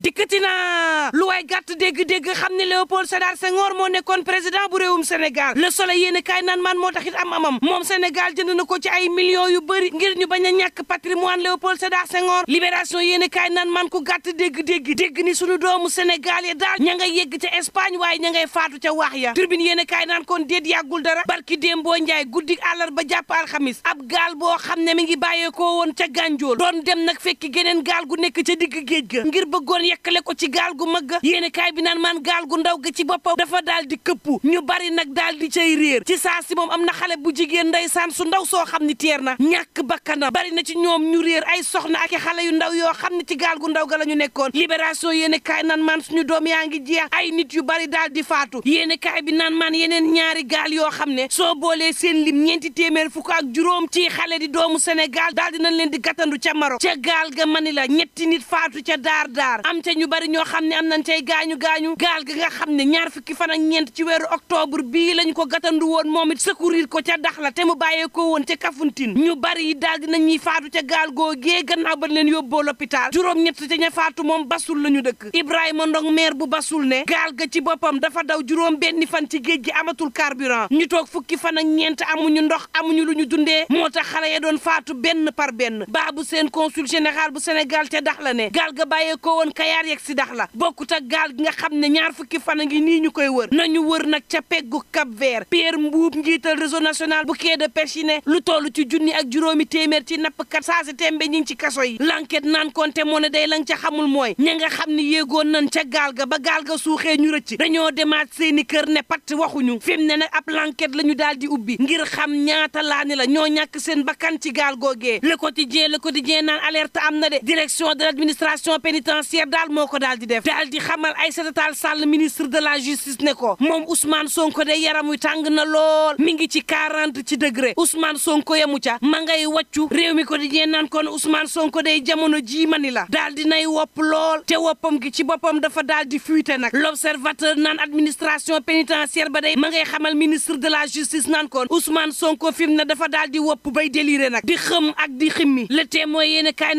dikkati naa lu waay gàtt dégg-dégg xam ne Léopold Sédar Senghor moo nekkoon président bu réewum Sénégal le soleil yéen kaay naan man moo taxit am amam moom Sénégal jënd na ko ci ay millions yu bëri ngir ñu bañ a ñàkk patrimoine Léopold Sédar Senghor libération yéen kaay naan man ko gàtt dégg-dégg dégg ni sunu doomu Sénégal ya daal ña ngay yegg ca Espagne waaye ña ngay faatu ca wax ya turbine yéen kaay naan kon déet yàggul dara barki Dembo Njaay guddi ba jàpp alxamis ab gaal boo xam ne mi ngi bàyyeekoo woon ca Gànjool doon dem nag fekki geneen gaal gu nekk ca digg géej ga ngir bëggoon yekkale ko ci gaal gu mag yéene bi naan maan gaal gu ndaw ga ci boppam dafa daal di këpp bari nag daal di cay réer ci saa si moom am na xale bu jigéen ndeysaan su ndaw soo xam ni teer na ñàkk bakkanam bari na ci ñoom ñu réer ay soxna ak i xale yu ndaw yoo xam ne ci gaal gu ndaw ga la ñu nekkoon libération yéene kaay naan suñu doom yaa ngi jeex ay nit yu bari daal di faatu yéene kaay bi naan yeneen ñaari gaal yoo xam ne soo boolee seen lim ñeenti téeméer fukk ak juróom ci xale di doomu Sénégal daal dinañ leen di gàttandu ca Maroc ca gaal ga mani la ñetti nit faatu ca daar daar am am ñu bari ñoo xam ne am nañ cay gaañu gaañu gaal gi nga xam ne ñaar fukki fan ak ñeent ci weeru octobre bii lañ ko gatandu woon moom it secourir ko ca Daxla te mu bàyyeekoo woon ca Kafountine ñu bari yi daal dina ñuy faatu ca gaal googee gannaaw ba leen yóbboo l'hôpital juróom-ñett ca ña faatu moom basul la ñu dëkk Ibrahima Ndong meer bu basul ne gaal ga ci boppam dafa daw juróom benn fan ci géej gi amatul carburant ñu toog fukki fan ak ñeent amuñu ndox amuñu lu ñu dundee moo tax xale ya doon faatu benn par benn baabu seen consul général bu Sénégal ca Daxla ne gaal ga bàyyeekoo woon yaar yeg si dax la bokkut ak gaal gi nga xam ne ñaar fukki fan a ngi nii ñu koy wër nañu wër nag ca peggu Cap Vert Pierre Mbuub njiital réseau national bu quai de pêche yi ne lu toll ci junni ak juróomi téeméer ci nappkat saa si tembe ñi ngi ci kaso yi l'enquête naan konte moo ne day lañ ca xamul mooy ña nga xam ne yéegoon nañ ca gaal ga ba gaal suuxee ñu rëcc dañoo demaat seeni kër ne patt waxuñu fi mu ne nag ab l'enquête la ñu daal di ubbi ngir xam ñaata laani la ñoo ñàkk seen bakkan ci gaal googee le quotidien le quotidien naan alerte am na de direction de l'administration pénitentiaire daal moo ko daal di def daal di xamal Aïssata Tall Sall ministre de la justice ne ko moom Ousmane Sonko de yaram wi tàng na lool mi ngi ci 40 ci degré Ousmane Sonko yamu ca ma ngay wàccu réew mi ko di ñee naan kon Ousmane Sonko day jamono jii mani la daal di nay wopp lool te woppam gi ci boppam dafa daal di fuite nag l'observateur naan administration pénitentiaire ba day ma ngay xamal ministre de la justice naan kon Ousmane Sonko fi na ne dafa daal di wopp bay déliré nag di xëm ak di ximmi le témoin yéen kaay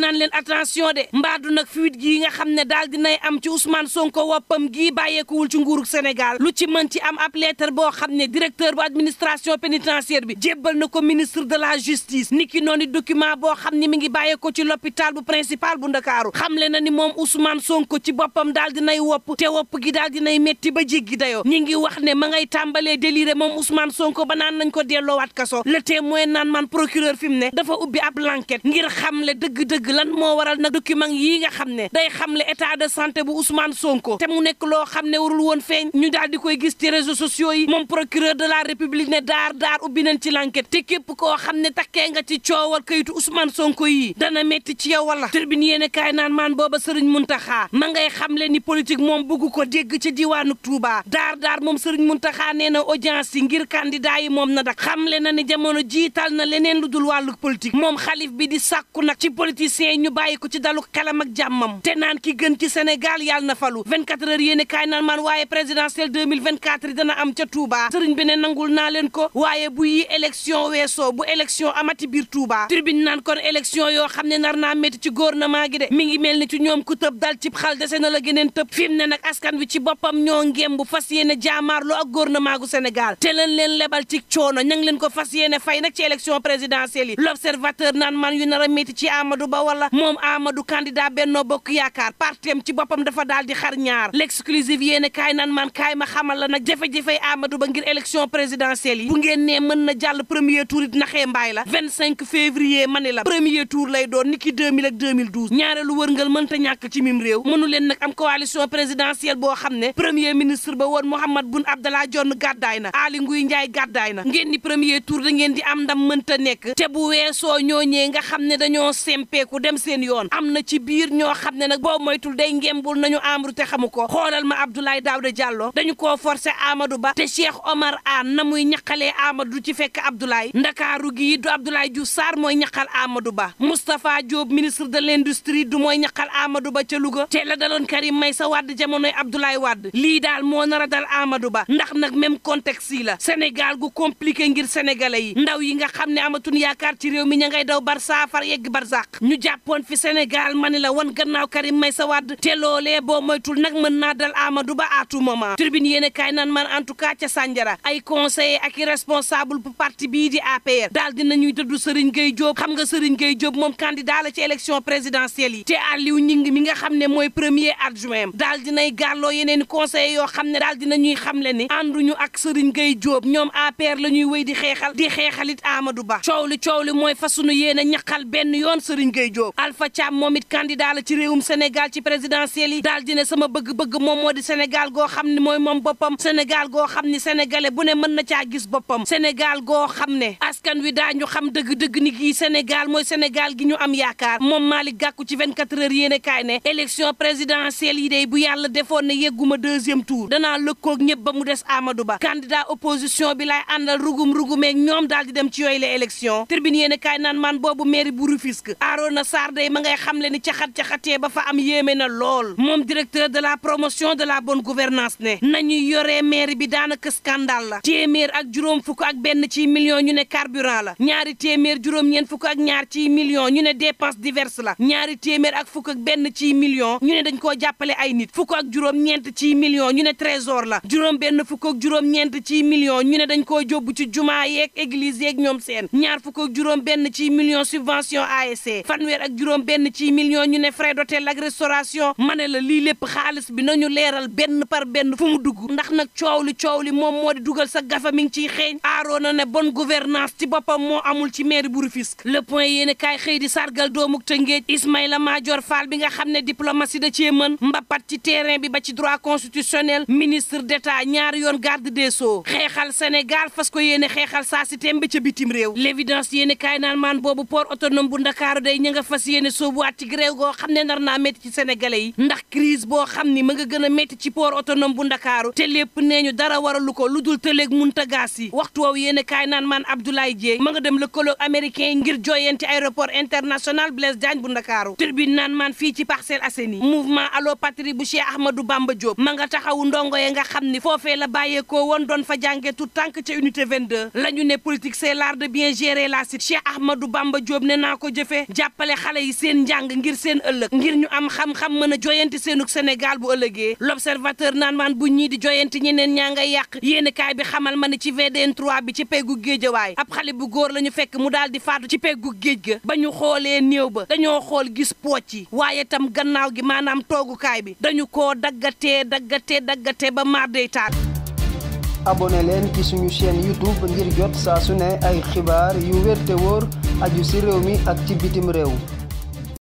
daal dinay am ci Ousmane Sonko woppam gii bàyyeekuwul ci nguurug Sénégal lu ci mën ci am ab lettre boo xam ne directeur bu administration pénitentiaire bi jébbal na ko ministre de la justice niki noonu document boo xam ni mi ngi bàyyeekoo ci l'hôpital bu principal bu Ndakaaru xamle na ni moom Ousmane Sonko ci boppam daal dinay wopp te wopp gi daal nay métti ba jéggi dayoo ñi ngi wax ne ma ngay tàmbalee déliré moom Ousmane Sonko ba naan nañ ko delloowaat kaso le témoin naan man procureur fi mu ne dafa ubbi ab l'enquête ngir xamle dëgg-dëgg lan moo waral nag document yi nga xam ne day xamle état de santé bu Ousmane Sonko te mu nekk loo xam ne warul woon feeñ ñu daal di koy gis ci réseaux sociaux yi moom procureur de la république ne daar daar ubbi nañ ci l'enquête te képp koo xam ne takkee nga ci coowal kayitu Ousmane Sonko yi dana metti ci yow wala tribune yéene kaay naan maan booba sëriñ Muntaxa ma xam xamle ni politique moom bugg ko dégg ci diwaanu Touba daar daar moom sëriñ Muntaxa nee na audience yi ngir candidat yi moom na dak xamle na ni jamono jiital na leneen lu wàllu politique moom xalif bi di sàkku nag ci politiciens ñu bàyyi ko ci dalu xelam ak jàmmam gën ci Sénégal yàlla na falu 24 heures yéen kaay naan maan waaye présidentielle dana am ca Touba sëriñ bi ne nangul naa leen ko waaye bu yi élection weesoo bu élection amati biir Touba tribune naan kon élection yoo xam ne nar naa métti ci gouvernement gi de mi ngi mel ni ci ñoom ku tëb dal cib xal dese na la geneen tëb fi mu ne nag askan wi ci boppam ñoo ngem bu fas yéene jaamaarloo ak gouvernement gu Sénégal te leen lebal ci coono ña ngi leen ko fas yéene fay nag ci élection présidentielle yi l'observateur naan man yu nar a métti ci Amadou Ba wala moom Amadou candidat Benno Bokk Yaakaar teem ci boppam dafa daal di xar ñaar l'exclusive yéene kaay naan man kaay ma xamal la nag jafe-jafey Amadou Ba ngir élection présidentielle bu ngeen nee mën na jàll premier tour it naxee mbaay la 25 février mani la premier tour lay doon niki 2000 ak 2012 ñaareelu wërngal mënta ñàkk ci mim réew mënu leen nag am coalition présidentielle boo xam ne premier ministre ba woon Mahammed Boun Abdallah jonn gàddaay na Aly Ngouille Ndiaye gàddaay na ngeen ni premier tour da ngeen di am ndam mënta nekk te bu weesoo ñooñee nga xam ne dañoo sempeeku dem seen yoon am na ci biir ñoo xam ne nag boobu mooy moytul day ngembul nañu Amadou te xamu ko xoolal ma Abdoulaye Daouda Diallo dañu koo forcé Amadou Ba te Cheikh Omar a na muy ñaqalee Amadou ci fekk Abdoulaye ndakaaru gi du Abdoulaye Diouf Sarr mooy ñaqal Amadou Ba Moustapha Diop ministre de l'industrie du mooy ñaqal Amadou Ba ca Louga te la daloon Karim Meïssa Wade jamonoy Abdoulaye Wade lii daal moo nar a dal Amadou Ba ndax nag même contexte yi la Sénégal gu compliqué ngir sénégalais yi ndaw yi nga xam ne amatuñ yaakaar ci réew mi ña ngay daw bar saafar yegg barzaq ñu jàppoon fi Sénégal mani la wan gannaaw Karim Meïssa Wade te loolee boo moytul nag mën naa dal Amadou Ba à tout moment tribune yéen kaay naan man en tout cas ca Sandiara ay conseiller ak i responsable bu parti bii di APR daal ñuy dëddu Serigne Gueye Diop xam nga Serigne gay Diop moom candidat la ci élection présidentielle yi te Aliou Ñing mi nga xam ne mooy premier adjoint daal dinay gàlloo yeneen conseiller yoo xam ne daal xam le ni ànduñu ak Serigne Gueye jóob ñoom APR la ñuy wéy di xeexal di xeexalit Amadou Ba coow li coow li mooy fasunu yéen a ñaqal benn yoon Serigne Gueye Diop Alpha Thiam moom it candidat la ci réewum Sénégal ci ci présidentielle yi daal dina sama bëgg-bëgg moom moo di Sénégal goo xam ne mooy moom boppam Sénégal goo xam ne sénégalais bu ne mën na caa gis boppam senegal goo xam ne kan wi daañu xam dëgg-dëgg ni kii Sénégal mooy Sénégal gi ñu am yaakaar moom Malick Gakou ci 24 heures yéen a kaay ne élection présidentielle yi day bu yàlla defoon na ne yegguma deuxième tour danaa lëkkoog ñëpp ba mu des Amadou Ba candidat opposition bi laay àndal rugum rugumeeg ñoom daal di dem ci yooyu la élection tribune yéen a kaay naan man boobu mairie bu Rufisque Arona ba fa am yéeme na lool moom directeur de la promotion de la bon gouvernance ne nañuy yoree maire bi daanaka scandale la téeméer ak juróom fukk ak benn ci million ñu ne carburant la ñaari téeméer juróom-ñeent fukk ak ñaar ci million ñu ne dépense diverse la ñaari téeméer ak fukk ak benn ci million ñu ne dañ koo jàppale ay nit fukk ak juróom-ñeent ci million ñu ne trésor la juróom benn fukk ak juróom-ñeent ci million ñu ne dañ koo jóbbu ci jumaa yeeg église yeeg ñoom seen ñaar fukk ak juróom benn ci million subvention a e. fanweer ak juróom benn ci million ñu ne innovation ma ne la lii lépp xaalis bi nañu leeral benn par benn fu mu dugg ndax nag coow li coow li moom moo di dugal sa gafa mi ngi ciy xeeñ aaroo na ne bonne gouvernance ci boppam moo amul ci mairie bu Rufisque le point yéen kaay xëy di sargal doomu Tëngéej Ismaïla Madior Fall bi nga xam ne diplomatie da cee mën mbapat ci terrain bi ba ci droit constitutionnel ministre d'État ñaari yoon garde des sceaux xeexal Sénégal fas ko yéene xeexal saa si tembe ca bitim réew l'évidence yéen kaay naan maan boobu port autonome bu Ndakaaru day ña nga fas yéene soobuwaat ci gréew goo xam sénégalais yi ndax crise boo xam ni ma nga gën a métti ci port autonome bu ndakaaru te lépp nee ñu dara waralu ko lu dul tëleeg munta gaas yi waxtu woowu yéen a kaay naan maan Abdoulaye Dieye ma nga dem lëkkaloo américain ngir jooyante aéroport international Blaise Diagne bu ndakaaru tribune naan maan fii ci Parcelles Assainies mouvement Allo Patrie bu Cheikh Ahmadou Bamba Diop ma nga taxawu ndongo ye nga xam ni foofee la bàyyeekoo woon doon fa jànge tout tànk ca unité 22 la ñu ne politique de la cité Cheikh Ahmadou Bamba Diop naa ko jëfee jàppale yi seen njàng ngir seen ëllëg ngir xam mën a joyanti seenug Sénégal bu ëllëgee l'observateur naan maan bu ñii di joyanti ñeneen ñaa nga yàq yéenekaay bi xamal ma ne ci VDN introit bi ci peggu géejawaay ab xale bu góor la ñu fekk mu daal di faatu ci peggu géej ga ba ñu xoolee néew ba dañoo xool gis pooc yi waaye tam gannaaw gi maanaam toogukaay bi dañu koo daggate daggatee daggate ba maar day taat abonné leen ci suñu chaîne youtube ngir jot saa su ne ay xibaar yu wér te wóor aju ci réew mi ak ci bitim réew